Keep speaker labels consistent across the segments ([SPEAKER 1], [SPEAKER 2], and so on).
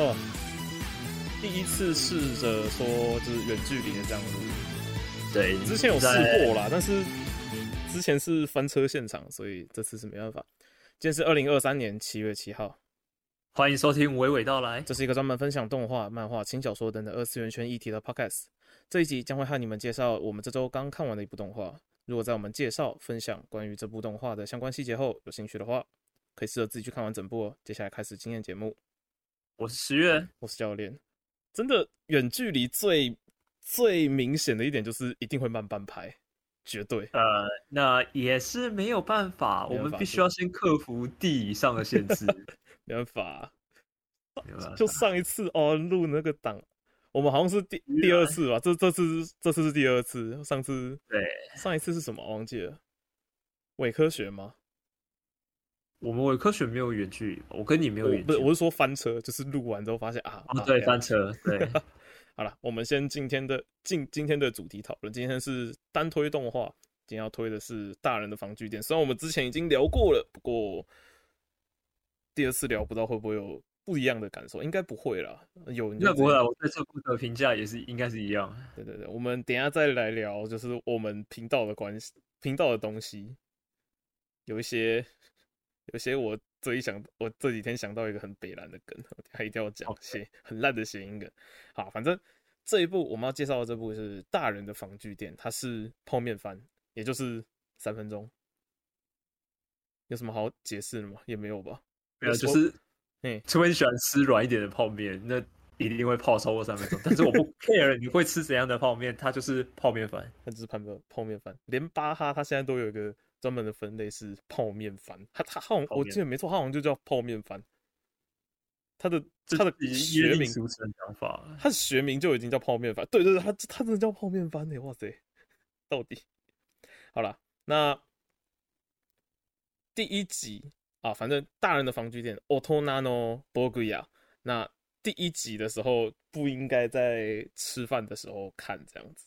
[SPEAKER 1] 哦，第一次試着說就是遠距離的這樣子。對，之前有試過啦，對但是之前是翻車現場，所以這次是沒辦法。今天是二零二三年七月七號，歡迎收聽娓娓道來。這是一個專門分享動畫、漫畫、輕小說等等二次元圈議題的 Podcast。這一集將會和你們介紹我們這周剛看完的一部動畫。如果在我們介紹、分享關於這部動畫的相關細節後有興趣的話，可以試着自己去看完整部哦。接下來開始今天的節目。我是十月，嗯、我是教練。真的，遠距離最最明顯的一點就是一定會慢半拍，絕對。呃，那也是沒有辦法，辦法我們必須要先克服地理上的限制，對 沒辦法、啊啊。就上一次哦，錄那個檔，我們好像是第啦第二次吧？這這次是這次是第二次，上次對上一次是什麼？我忘記了？偽科學嗎？我們偽科學沒有遠距離，我跟你沒有遠距離，哦、不是，我是說翻車，就是錄完之後發現啊，啊、哦，對，翻車，對。 好了，我們先今天的今今天的主題討論，今天是單推動畫，今天要推的是大人的防具店。雖然我們之前已經聊過了，不過第二次聊不知道會不會有不一樣的感受，應該不會啦。有那不會啦，我這次的評價也是應該是一樣。對對對，我們等一下再來聊，就是我們頻道的關係，頻道的東西有一些。有些我這一想，我這幾天想到一個很北爛的梗，還一定要講些好很爛的諧音梗。好，反正這一部我們要介紹的這部是《大人的防具店》，它是泡麵番，也就是三分鐘。有什麼好解釋的嗎？也沒有吧，沒有，說就是嗯，除非你喜歡吃軟一點的泡麵，那一定會泡超過三分鐘。但是我不 care，你會吃怎樣的泡麵， 它就是泡麵番，它就是泡泡麵番。連巴哈它，它現在都有一個。專門的分類是泡面番，他他好像泡麵，我記得沒錯，他好像就叫泡面番。他的他的學名他、啊、的學名就已經叫泡面番。對對對，他他真的叫泡面番哎，哇塞！到底好了，那第一集啊，反正大人的防具店。Otonano Boggia。那第一集的時候不應該在吃飯的時候看這樣子。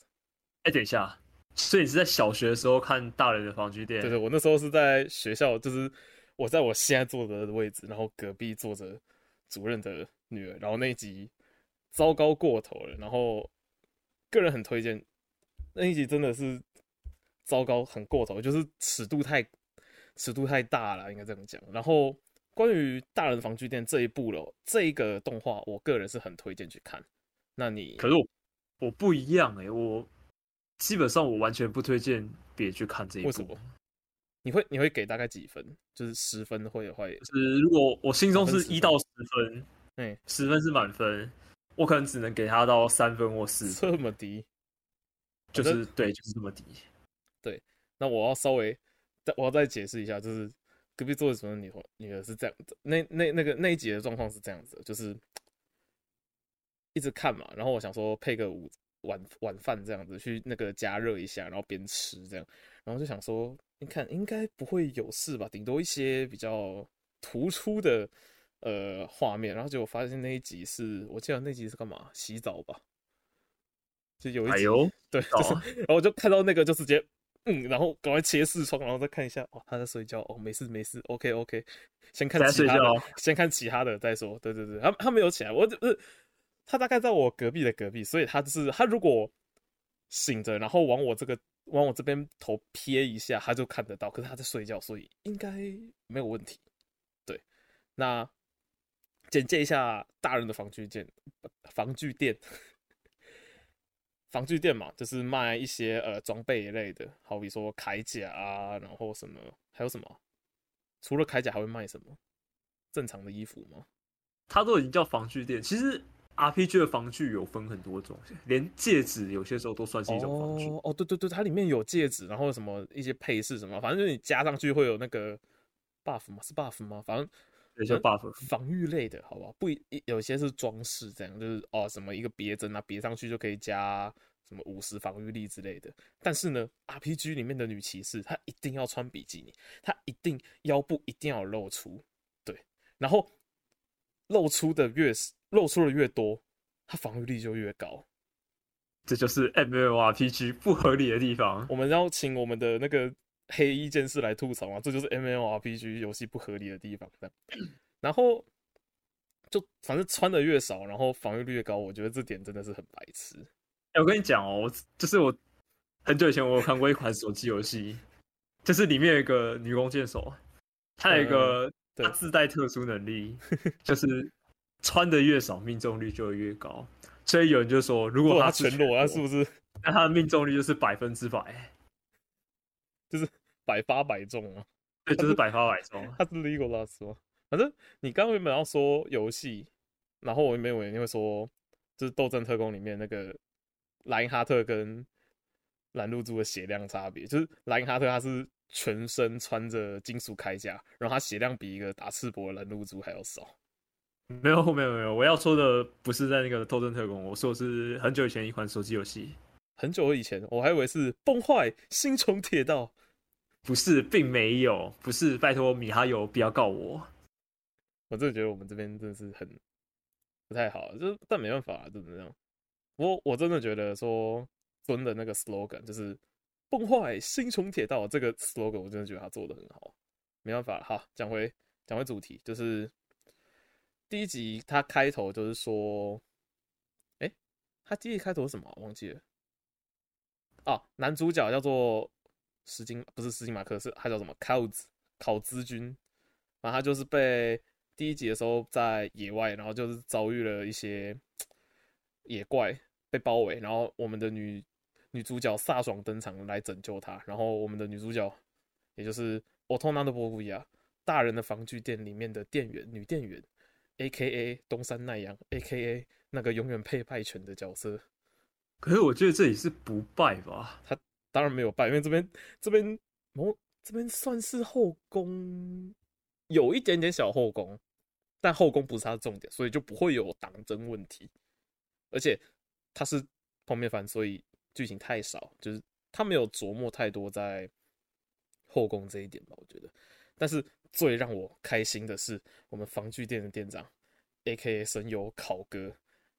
[SPEAKER 1] 哎、欸，等一下。所以你是在小學的時候看《大人的防具店》？對對，我那時候是在學校，就是我在我現在坐的位置，然後隔壁坐着主任的女兒。然後那一集糟糕過頭了，然後個人很推薦那一集，真的是糟糕很過頭，就是尺度太尺度太大了，應該這麼講。然後關於《大人防具店》這一部了，這一個動畫我個人是很推薦去看。那你可是我不一樣誒、欸，我。基本上我完全不推薦別去看這一部。為什麼？你會你會給大概幾分？就是十分的話，就是如果我心中是一到十分，哎，十分是滿分，我可能只能給他到三分或四分。這麼低？
[SPEAKER 2] 就是的
[SPEAKER 1] 對，就是這麼低。對，那我要稍微再我要再解釋一下，就是隔壁座位什麼女孩女的是這樣子，那那那個那一集的狀況是這樣子，就是一直看嘛，然後我想說配個五。晚晚飯這樣子去那個加熱一下，然後邊吃這樣，然後就想說，你看應該不會有事吧，頂多一些比較突出的呃畫面，然後結果發現那一集是我記得那集是幹嘛洗澡吧，就有一集、哎、呦，對，就是哦、然後我就看到那個就直接嗯，然後趕快切視窗，然後再看一下，哦他在睡覺，哦沒事沒事，OK OK，先看其他的，哦、先看其他的再說，對對對，他他沒有起來，我就是。他大概在我隔壁的隔壁，所以他，就是他如果醒着，然後往我這個往我這邊頭瞥一下，他就看得到。可是他在睡覺，所以應該沒有問題。對，那簡介一下大人的防具店，防具店，防具店嘛，就是賣一些呃裝備一類的，好比說鎧甲啊，然後什麼還有什麼，除了鎧甲還會賣什麼？正常的衣服嗎？他都已經叫防具店，其實。RPG 的防具有分很多種，連戒指有些時候都算是一種防具。哦，oh, oh, 對對對，它裡面有戒指，然後什麼一些配飾什麼，反正就是你加上去會有那個 buff 嗎？是 buff 嗎？反正有些 buff 防禦類的，好吧？不一有些是裝飾，這樣就是哦，oh, 什麼一個別針啊，別上去就可以加什麼五十防禦力之類的。但是呢，RPG 裡面的女騎士她一定要穿比基尼，她一定腰部一定要露出。對，然後露出的越是露出的越多，它防禦力就越高，這就是 MLRPG 不合理的地方。我們邀請我們的那個黑衣劍士來吐槽啊，這就是 MLRPG 遊戲不合理的地方。然後就反正穿的越少，然後防禦率越高，我覺得這點真的是很白痴。哎、欸，我跟你講哦，就是我很久以前我有看過一款手機遊戲， 就是裡面有一個女弓箭手，她有一個的自帶特殊能力，嗯、 就是。穿得越少，命中率就越高，所以有人就說，如果他，全，如果他全裸，那是不是？那他的命中率就是百分之百，就是百發百中啊！對，就是百發百中。他是 Legolas 嗎？反正你剛原本要說遊戲，然後我有沒有人會說，就是《鬥陣特攻》裡面那個萊因哈特跟藍露珠的血量差別，就是萊因哈特他是全身穿着金屬鎧甲，然後他血量比一個打赤膊的藍露珠還要少。沒有，沒有，沒有。我要說的不是在那個《偷針特工》，我說的是很久以前一款手機遊戲。很久以前，我還以為是崩壞星穹鐵道，不是，並沒有。不是，拜託米哈遊不要告我。我真的覺得我們這邊真的是很不太好，就但沒辦法、啊，就怎樣。我我真的覺得說尊的那個 slogan 就是崩壞星穹鐵道這個 slogan，我真的覺得他做的很好。沒辦法、啊，好，講回講回主題，就是。第一集他開頭就是說，誒、欸，他第一集開頭是什麼？忘記了。哦、啊，男主角叫做石金，不是石金馬克，是他叫什麼？考茲，考茲君。然後他就是被第一集的時候在野外，然後就是遭遇了一些野怪被包圍，然後我們的女女主角颯爽登場來拯救他。然後我們的女主角，也就是奧托納的伯古亞大人的防具店裡面的店員，女店員。A.K.A. 東山奈央 A.K.A. 那個永遠配敗犬的角色。可是我覺得這裡是不敗吧？他當然沒有敗，因為這邊這邊某、哦、這邊算是後宮，有一點點小後宮，但後宮不是他的重點，所以就不會有黨爭問題。而且他是泡麵番，所以劇情太少，就是他沒有琢磨太多在後宮這一點吧？我覺得，但是。最讓我開心的是，我們防具店的店長，A.K.A. 神遊考哥，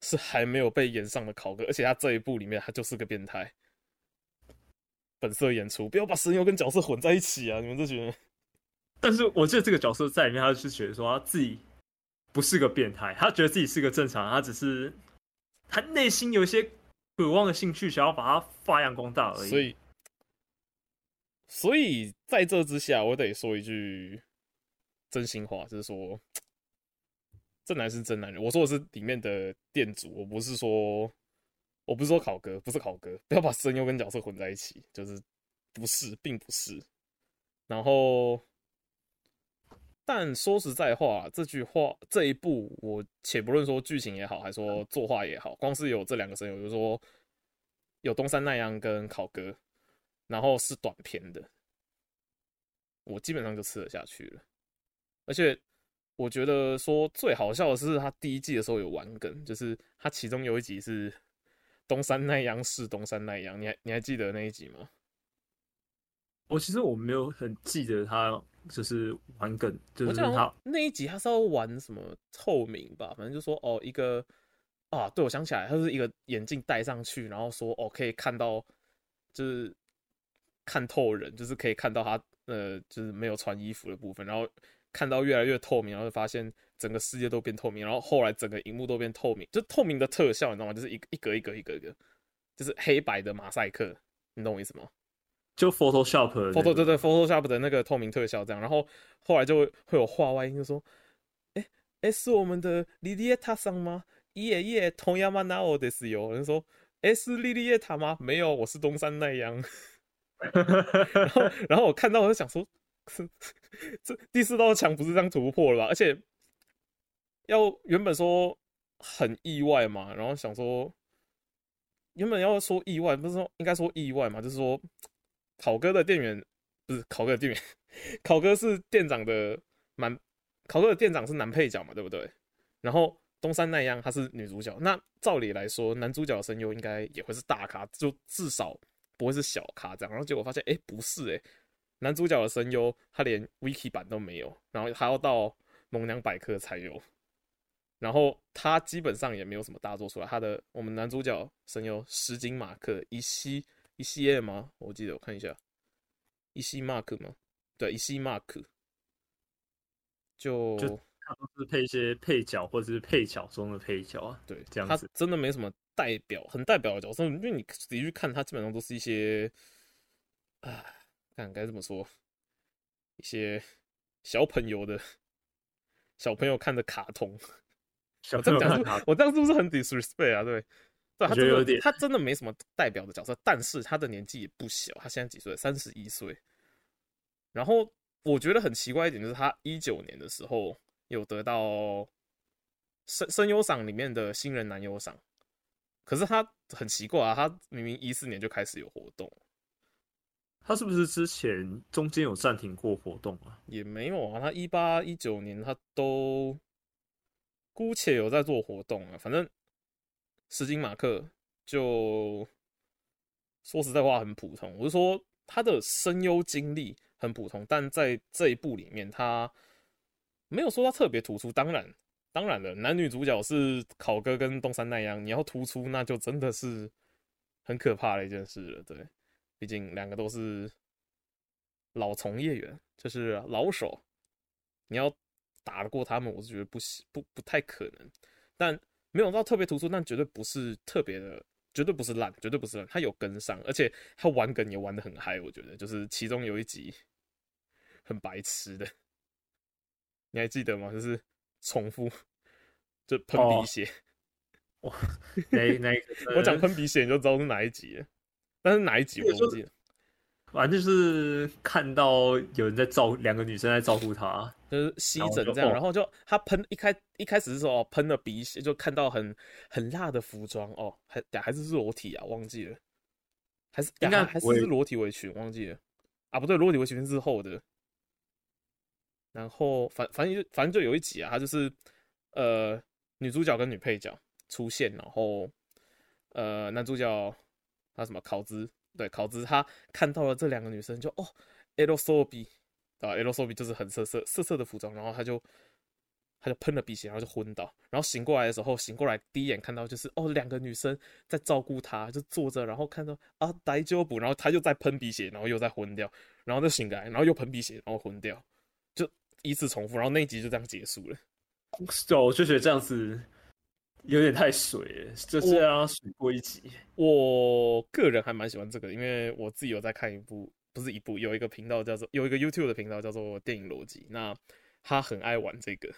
[SPEAKER 1] 是還沒有被演上的考哥，而且他這一部裡面他就是個變態，本色演出，不要把神遊跟角色混在一起啊，你們這群人。但是我覺得這個角色在裡面，他就是覺得說他自己不是個變態，他覺得自己是個正常，他只是他內心有一些渴望的興趣，想要把它發揚光大而已。所以，所以在這之下，我得說一句。真心話就是說，正男是真男人。我說的是裡面的店主，我不是說，我不是說考哥，不是考哥，不要把聲優跟角色混在一起，就是不是，並不是。然後，但說實在話，這句話這一部，我且不論說劇情也好，還說作畫也好，光是有這兩個聲優，就是、說有東山奈央跟考哥，然後是短篇的，我基本上就吃得下去了。而且我覺得說最好笑的是，他第一季的時候有玩梗，就是他其中有一集是東山奈央飾東山奈央，你還你還記得那一集嗎？我其實我沒有很記得他就是玩梗，就是他那一集他是要玩什麼透明吧？反正就說哦一個啊，對我想起來他是一個眼鏡戴上去，然後說哦可以看到，就是看透人，就是可以看到他呃就是沒有穿衣服的部分，然後。看到越來越透明，然後就發現整個世界都變透明，然後後來整個熒幕都變透明，就透明的特效，你知道嗎？就是一個一格一格一格一格，就是黑白的馬賽克，你懂我意思嗎？就 Photoshop，Photoshop，Photoshop 的那個透明特效這樣，然後後來就會，會有話外音就說：“哎哎，是我們的莉莉亞塔桑嗎？”“耶耶，同樣嘛，那我得是有。”有人說：“哎，是莉莉亞塔嗎？”“沒有，我是東山奈央。”然後然後我看到我就想說。這 第四道牆不是這樣突破了吧？而且要原本說很意外嘛，然後想說原本要說意外，不是說應該說意外嘛？就是說考哥的店員不是考哥的店員，考哥是店長的，滿考哥的店長是男配角嘛，對不對？然後東山奈央她是女主角，那照理來說男主角的聲優應該也會是大咖，就至少不會是小咖這樣。然後結果發現，哎，不是哎、欸。男主角的聲優，他連 Wiki 版都沒有，然後還要到萌娘百科才有。然後他基本上也沒有什麼大作出來。他的我們男主角聲優石井馬克，一西一西嗎？我記得我看一下，一西馬克嗎？對，一西馬克。就就他是配一些配角，或者是配角中的配角啊。對，這樣子。他真的沒什麼代表，很代表的角色，因為你仔細看，他基本上都是一些，啊。看該怎麼說，一些小朋友的小朋友看的卡通，卡通我這樣講我這樣是不是很 disrespect 啊？對，對，他覺得有點他真，他真的沒什麼代表的角色， 但是他的年紀也不小，他現在幾歲？三十一歲。然後我覺得很奇怪一點就是，他一九年的時候有得到聲聲優賞裡面的新人男優賞，可是他很奇怪啊，他明明一四年就開始有活動。他是不是之前中間有暫停過活動啊？也沒有啊，他一八一九年他都姑且有在做活動啊。反正斯金馬克就說實在話很普通，我是說他的聲優經歷很普通，但在這一部裡面他沒有說他特別突出。當然，當然了，男女主角是考哥跟東山奈央，你要突出那就真的是很可怕的一件事了，對。畢竟兩個都是老從業員，就是老手，你要打得過他們，我是覺得不行，不，不太可能。但沒有到特別突出，但絕對不是特別的，絕對不是爛，絕對不是爛。他有跟上，而且他玩梗也玩的很嗨，我覺得。就是其中有一集很白痴的，你還記得嗎？就是重複就噴鼻血，哇，那那我講噴鼻血你就知道是哪一集了。那是哪一集？我忘記了。反正就是看到有人在照兩個女生在照顧他，就是吸枕這樣。然後,然後就、哦、他噴一開，一開始的時候哦噴了鼻血，就看到很很辣的服裝哦，還還,還是是裸體啊，忘記了。還是應該還,我也還是,是裸體圍裙，忘記了。啊，不對，裸體圍裙是後的。然後反反正就反正就有一集啊，他就是呃女主角跟女配角出現，然後呃男主角。他什麼考茲？對，考茲他看到了這兩個女生就，就哦，Erosobi 啊，Erosobi 就是很色色色色的服裝，然後他就他就噴了鼻血，然後就昏倒，然後醒過來的時候，醒過來第一眼看到就是哦，兩個女生在照顧他，就坐着，然後看到啊，大丈夫，然後他就在噴鼻血，然後又再昏掉，然後就醒過來，然後又噴鼻血，然後昏掉，就依次重複，然後那一集就這樣結束了。哦，就覺得這樣子。有點太水了，就是啊，水過一集。我，我個人還蠻喜歡這個，因為我自己有在看一部，不是一部，有一個頻道叫做有一個 YouTube 的頻道叫做電影邏輯。那他很愛玩這個，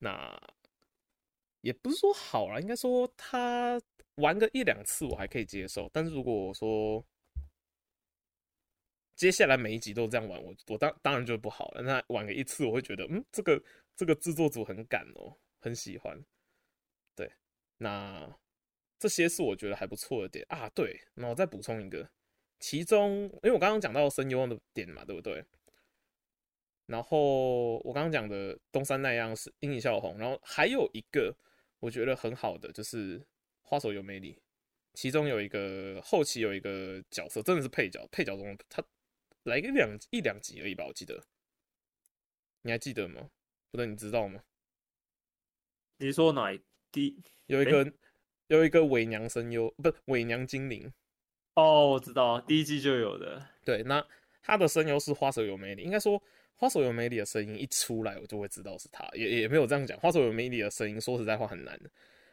[SPEAKER 1] 那也不是說好了，應該說他玩個一兩次我還可以接受，但是如果我說接下來每一集都這樣玩，我我當然當然就不好了。那玩個一次我會覺得，嗯，這個這個製作組很敢哦、喔，很喜歡。對，那這些是我覺得還不錯的點啊。對，那我再補充一個，其中因為我剛剛講到聲優、優的點嘛，對不對？然後我剛剛講的東山奈央是櫻井孝宏，然後還有一個我覺得很好的就是花守由美里，其中有一個後期有一個角色，真的是配角，配角中他來一兩一兩集而已吧，我記得。你還記得嗎？不對，你知道嗎？你說哪一？第 D 有一個、欸、有一個偽娘聲優，不偽娘精靈哦，我知道，第一季就有的。對，那他的聲優是花守由美里，應該說花守由美里的聲音一出來，我就會知道是他，也也沒有這樣講。花守由美里的聲音，說實在話很難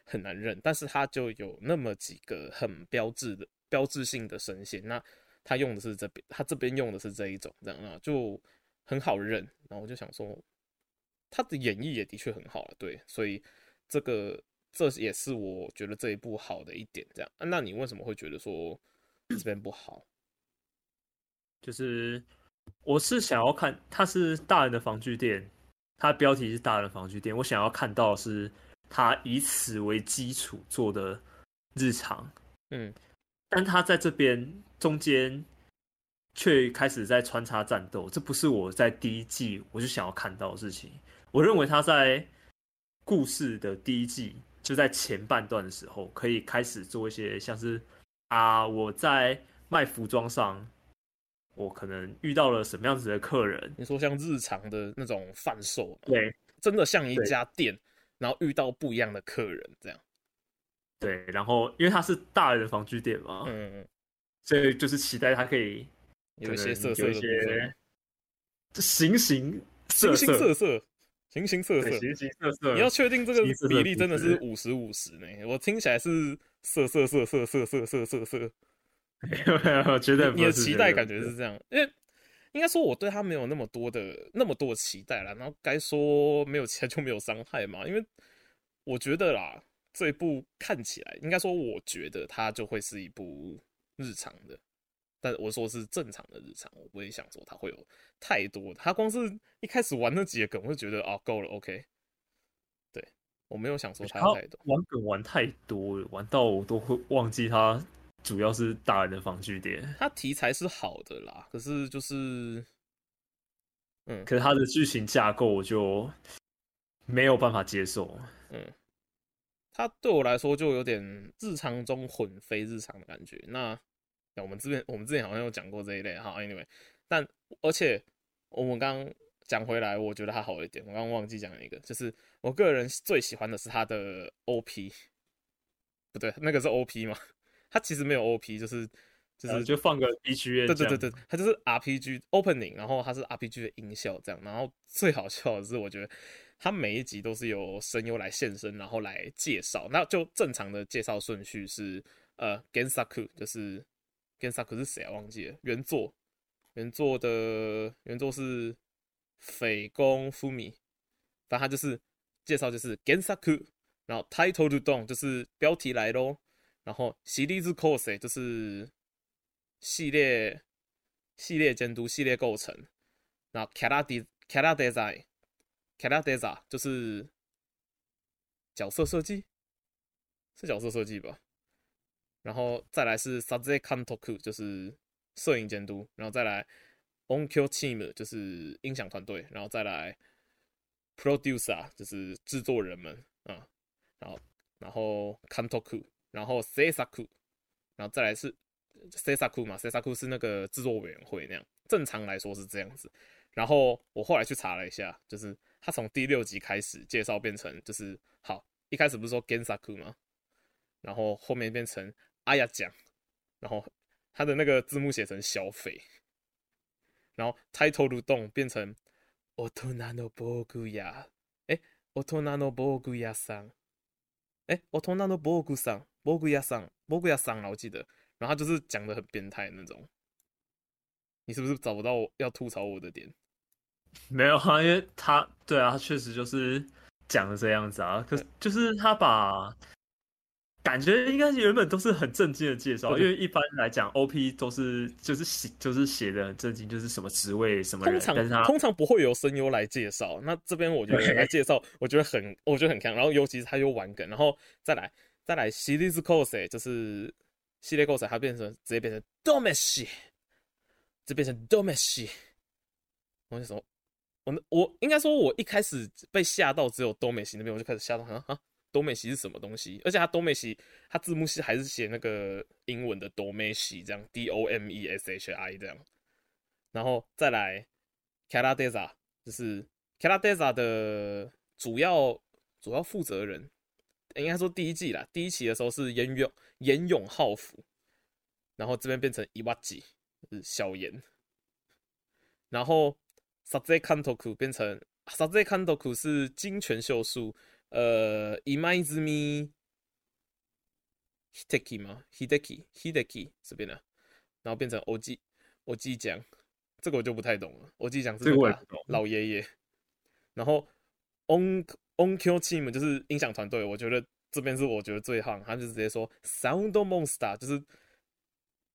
[SPEAKER 1] 很難認，但是他就有那麼幾個很標誌的標誌性的聲線，那他用的是這邊，他這邊用的是這一種，這樣啊，就很好認。然後我就想說，他的演繹也的確很好了，啊，對，所以這個。這也是我覺得這一部好的一點，這樣啊，那你為什麼會覺得說這邊不好？就是我是想要看，它是大人的防具店，它的標題是大人防具店，我想要看到的是他以此為基礎做的日常，嗯，但他在這邊中間卻開始在穿插戰鬥，這不是我在第一季我就想要看到的事情。我認為他在故事的第一季。就在前半段的時候，可以開始做一些像是啊，我在賣服裝上，我可能遇到了什麼樣子的客人？你說像日常的那種販售，對，真的像一家店，對然後遇到不一樣的客人這樣。對，然後因為它是大人防具店嘛，嗯嗯，所以就是期待它可以可能有一些色色、有一些形形、形形色色。形形色色，形形色色。你要確定這個比例真的是五十五十呢？色色我聽起來是色色色色色色色色色，色。我覺得你的期待感覺是這樣，對因為應該說我對他沒有那麼多的那麼多的期待了。然後該說沒有期待就沒有傷害嘛？因為我覺得啦，這一部看起來應該說我覺得它就會是一部日常的。但我說是正常的日常，我不會想說他會有太多的。他光是一開始玩那幾個梗，我就覺得啊夠了，OK。對，我沒有想說他太多。欸、他玩梗玩太多，玩到我都會忘記他。主要是大人的防具店。他題材是好的啦，可是就是，嗯，可是他的劇情架構我就沒有辦法接受。嗯，他對我來說就有點日常中混非日常的感覺。那。我們這邊我們之前好像有講過這一類哈，Anyway，但而且我們剛剛講回來，我覺得他好一點。我剛剛忘記講了一個，就是我個人最喜歡的是他的 OP，不對，那個是 OP 嘛，他其實沒有 OP，就是就是、啊、就放個 BGM 對對對對，他就是 RPG opening，然後他是 RPG 的音效這樣。然後最好笑的是，我覺得他每一集都是由聲優來現身，然後來介紹。那就正常的介紹順序是呃，Gensaku 就是。Genzaku 是誰啊？忘記了原作，原作的原作是緋宮敷米，但它就是介紹就是 Genzaku，然後 Title to d 讀懂就是標題來嘍，然後 series Course 就是系列系列監督系列構成，然後キャラディキャラデザインキャラデザ就是角色設計，是角色設計吧？然後再來是 satsuei kantoku，就是攝影監督；然後再來 onkyo team，就是音響團隊；然後再來 producer，就是制作人們啊、嗯。然後，然後 kantoku，然後 seisaku，然後再來是 seisaku 嘛？seisaku 是那個制作委員會那樣。正常來說是這樣子。然後我後來去查了一下，就是他從第六集開始介紹變成就是好，一開始不是說 gensaku 嘛？然後後面變成。哎、啊、呀，講，然後他的那個字幕寫成小匪，然後抬頭如動變成“おとなの防具屋”，誒，“おとなの防具屋さん”，誒，“おとなの防具屋さん”，防具屋桑。ん，防具屋さ，さ然後我記得，然後他就是講得很的很變態那種，你是不是找不到我要吐槽我的點？沒有啊，因為他對啊，他確實就是講的這樣子啊，可是就是他把。感覺應該是原本都是很正經的介紹，對因為一般來講，OP 都是就是寫就是寫的很正經，就是什麼職位什麼。通常通常不會有聲優來介紹，那這邊我覺得他介紹對，我覺得很我覺得很強，然後尤其是他又玩梗，然後再來再來 cds cos 就是系列 cos，它變成直接變成東美希，直接變成東美希。我那什麼，我我應該說，我一開始被嚇到只有 d o m 東 i 希那邊，我就開始嚇到哈哈多美西是什麼東西？而且他多美西，他字幕是還是寫那個英文的多美西這樣，D O M E S H I 這樣。然後再來 Kara Deza，就是 Kara Deza 的主要主要負責人，欸、應該說第一季啦第一期的時候是岩永岩永浩輔，然後這邊變成伊萬吉，就是小岩。然後 Satsuei Kantoku 變成 Satsuei Kantoku 是金泉秀樹。呃，i i m a 一邁 me hideki 嗎？hideki，hideki 這邊的，然後變成 oji，oji 講，這個我就不太懂了，oji 講這個老爺爺。然後 on onkyo team 就是音響團隊，我覺得這邊是我覺得最好，他們就直接說 sound monster 就是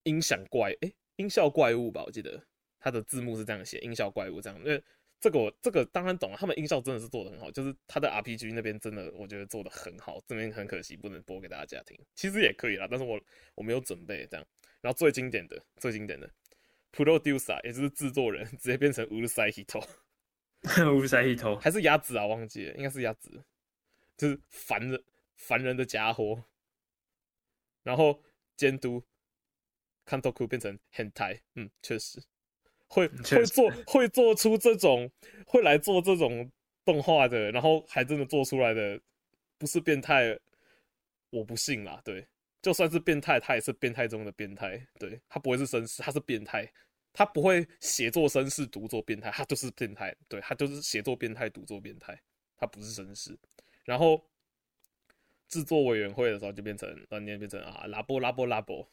[SPEAKER 1] 音響怪，誒音效怪物吧，我記得他的字幕是這樣寫，音效怪物這樣，因為這個我這個當然懂了，他們音效真的是做得很好，就是他的 RPG 那邊真的我覺得做得很好，這邊很可惜不能播給大家聽，其實也可以啦，但是我我沒有準備這樣。然後最經典的最經典的 Producer 也就是制作人直接變成烏塞希頭，烏塞 還是鴨子啊？我忘記了，應該是鴨子，就是煩人煩人的家伙。然後監督看多庫變成很台，嗯，確實。會會做會做出這種會來做這種動畫的，然後還真的做出來的，不是變態，我不信啦。對，就算是變態，他也是變態中的變態。對，他不會是紳士，他是變態，他不會寫作紳士，讀作變態，他就是變態。對，他就是寫作變態，讀作變態，他不是紳士。然後制作委員會的時候就變成你也變成啊拉波拉波拉波，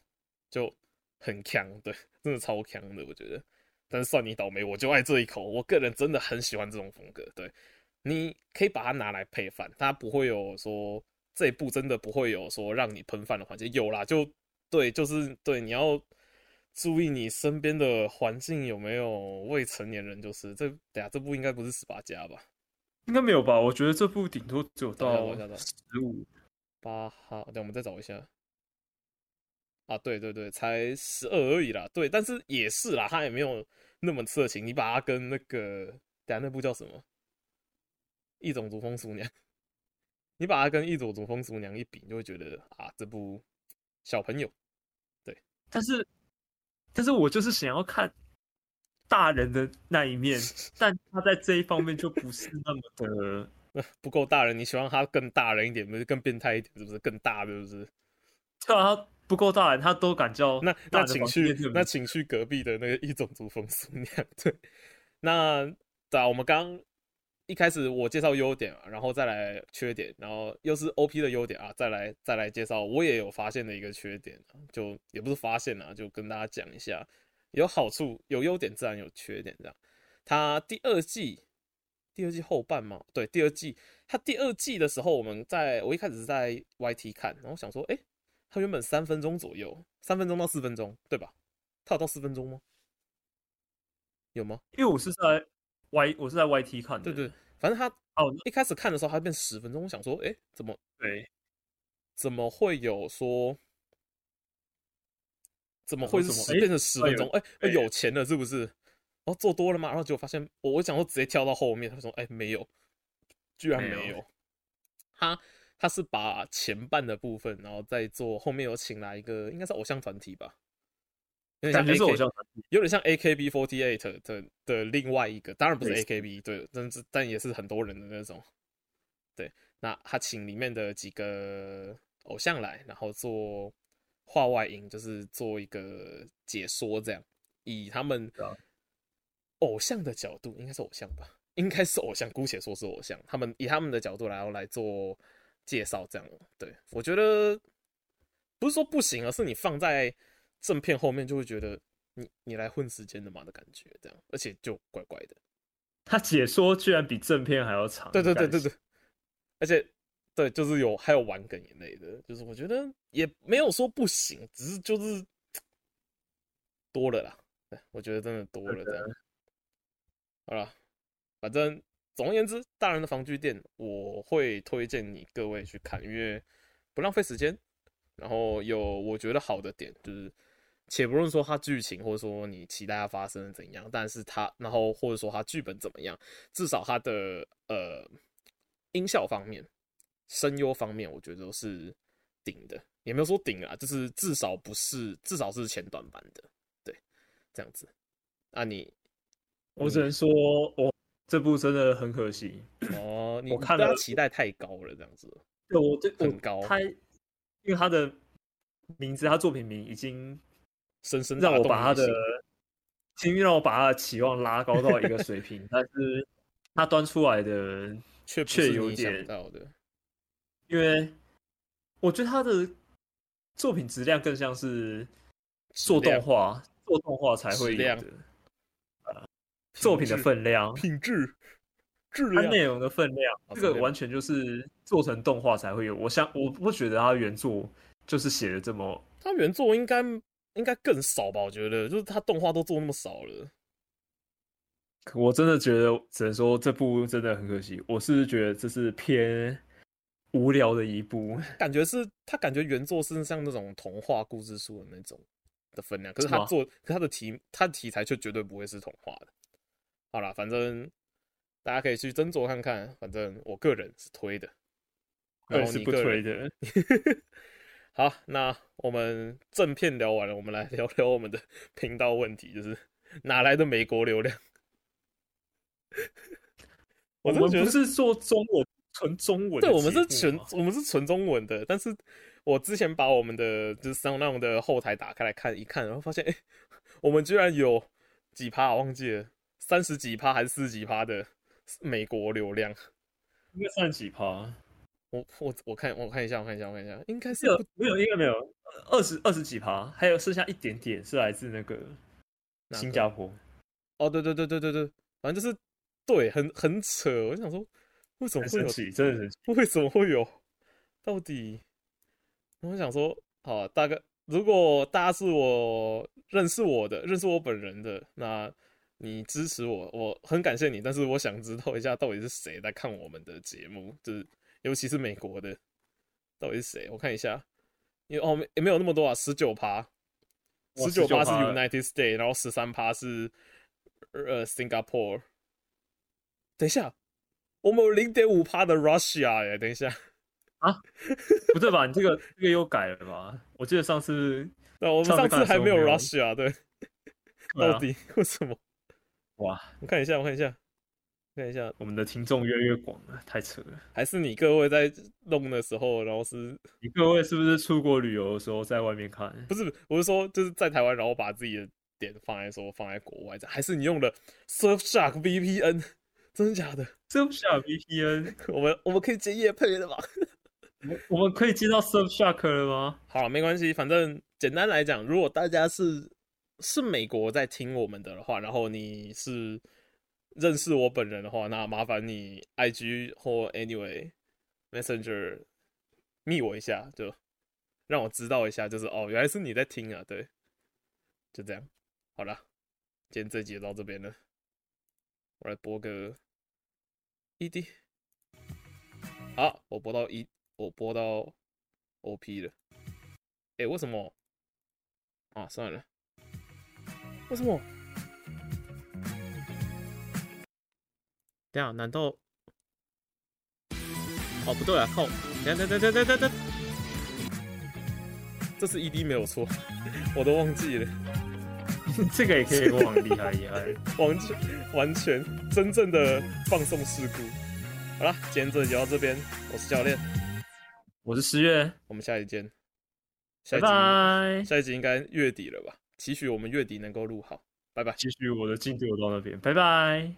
[SPEAKER 1] 就很強，對，真的超強的，我覺得。但是算你倒霉，我就愛這一口。我個人真的很喜歡這種風格。對，你可以把它拿來配飯，它不會有說這一部真的不會有說讓你噴飯的環節。有啦，就對，就是對，你要注意你身邊的環境有沒有未成年人。就是這，等下，這部應該不是十八加吧？應該沒有吧？我覺得這部頂多就到十五八哈。等我們再找一下。啊，對對對，才十二而已啦。對，但是也是啦，他也沒有那麼色情。你把他跟那個等下那部叫什麼《異種族風俗娘》，你把他跟《異種族風俗娘》一比，你就會覺得啊，這部小朋友對，但是但是我就是想要看大人的那一面， 但他在這一方面就不是那麼的、呃、不夠大人。你喜歡他更大人一點，不是更變態一點，是不是更大？是不是？然後、啊。他不夠大膽，他都敢叫。那情那請去，那請去隔壁的那個異種族風俗。那樣。對，那打我們剛一開始我介紹優點啊，然後再來缺點，然後又是 OP 的優點啊，再來再來介紹我也有發現的一個缺點，就也不是發現啊，就跟大家講一下。有好處有優點，自然有缺點這樣。他第二季，第二季後半嘛，對，第二季他第二季的時候，我們在我一開始是在 YT 看，然後想說，哎、欸。他原本三分鐘左右，三分鐘到四分鐘，對吧？他有到四分鐘嗎？有嗎？因為我是，在 Y，我是在 YT 看的，對，對對。反正他哦，一開始看的時候，他變十分鐘。我想說，哎、欸，怎麼對？怎麼會有說？怎麼會是十變成十分鐘？哎、欸欸，有錢了是不是？了然後做多了嗎？然後結果發現，我我想說直接跳到後面，他說，哎、欸，沒有，居然沒有。哈了。他他是把前半的部分，然後再做後面有請來一個應該是偶像團體吧，有
[SPEAKER 2] 點像 AK, 感覺是偶像
[SPEAKER 1] 團體，有點像 AKB48 的的,的另外一個，當然不是 AKB 對，但是但也是很多人的那種。對，那他請裡面的幾個偶像來，然後做畫外音，就是做一個解說這樣，以他們偶像的角度，應該是偶像吧，應該是偶像，姑且說是偶像，他們以他們的角度然後來做。介紹這樣，對，我覺得不是說不行，而是你放在正片後面就會覺得你你來混時間的嘛的感覺，這樣而且就怪怪的。他解說居然比正片還要長。對，對對對對對，而且對就是有還有玩梗一類的，就是我覺得也沒有說不行，只是就是多了啦。我覺得真的多了對對，這樣。好了，反正。總而言之，大人的防具店，我會推薦你各位去看，因為不浪費時間，然後有我覺得好的點就是，且不論說它劇情或者說你期待它發生怎樣，但是它然後或者說它劇本怎麼樣，至少它的呃音效方面、聲優方面，我覺得都是頂的，也沒有說頂啊，就是至少不是，至少是前段班的，對，這樣子。那、啊、你我只能說我。這部真的很可惜哦，我看了期待太高了，這樣子，對，我覺得很高，他因為他的名字，他作品名已經深深讓我把他的，先讓我把他的期望拉高到一個水平， 但是他端出來的卻卻有一點，因為我覺得他的作品質量更像是做動畫，量做動畫才會的。
[SPEAKER 2] 品質，作品的分量、品
[SPEAKER 1] 質、質量、內容的分量，啊，這個完全就是做成動畫才會有。我想，我不覺得它原作就是寫的這麼。它原作應該應該更少吧？我覺得，就是它動畫都做那麼少了。我真的覺得，只能說這部真的很可惜。我是覺得這是偏無聊的一部，感覺是他感覺原作是像那種童話故事書的那種的分量，可是他做，什麼，可是他的題，他的題材卻絕對不會是童話的。好了，反正大家可以去斟酌看看。反正我個人是推的，我是不推的。 好，那我們正片聊完了，我們來聊聊我們的頻道問題，就是哪來的美國流量？
[SPEAKER 2] 我們不是
[SPEAKER 1] 說中文，純中文的。對，我們是純，我們是純中文的。但是我之前把我們的就是 SoundOn 的後台打開來看一看，然後發現，哎、欸，我們居然有幾趴，我忘記了。三十幾趴還是四十幾趴的美國流量，應該算幾趴？我我我看我看一下我看一下我看一下，我看一下，應該是有沒有？應該沒有二十二十幾趴，還有剩下一點點是來自那個新加坡。哦，對對對對對對，反正就是對，很很扯。我想說，為什麼會有？為什麼會有？到底？我想說，好啊，大概如果大家是我認識我的，認識我本人的，那。你支持我，我很感謝你。但是我想知道一下，到底是誰在看我們的節目？就是，尤其是美國的，到底是誰？我看一下，因為哦，也、欸、沒有那麼多啊，十九趴，十九趴是 United States，然後十三趴是呃 Singapore。等一下，我們有零點五趴的 Russia 耶！等一下啊，不對吧？你這個 這個又改了吧？我記得上次，那我們上次沒還沒有 Russia，對？到底、啊、為什麼？哇！我看一下，我看一下，看一下我們的聽眾越來越廣了，太扯了。還是你各位在弄的時候，然後是你各位是不是出國旅遊的時候在外面看？不是，我是說就是在台灣，然後把自己的點放在說放在國外。還是你用的 Surfshark VPN，真的假的？Surfshark VPN， 我們我們可以接業配的嗎？ 我我們可以接到 Surfshark 了嗎？好沒關係，反正簡單來講，如果大家是。是美國在聽我們的,的話，然後你是認識我本人的話，那麻煩你 IG 或 Anyway Messenger 密我一下，就讓我知道一下，就是哦，原來是你在聽啊，對，就這樣，好了，今天這集就到這邊了，我來播個 ED，好、啊，我播到一、E,，我播到 OP 了，哎、欸，為什麼？啊，算了。為什麼？等下，難道？哦，不對啊！靠！等下等下等下等等等，這是 ED 沒有錯，我都忘記了。 這個也可以，忘好厲害，厲害完！完全完全真正的放送事故。好了，今天就聊到這邊。我是教練，我是十月，我們下一期見。拜拜。下一集，bye bye 下一集應該月底了吧？期許我們月底能夠錄好，拜拜。期許我的進度有到那邊，拜拜。拜拜。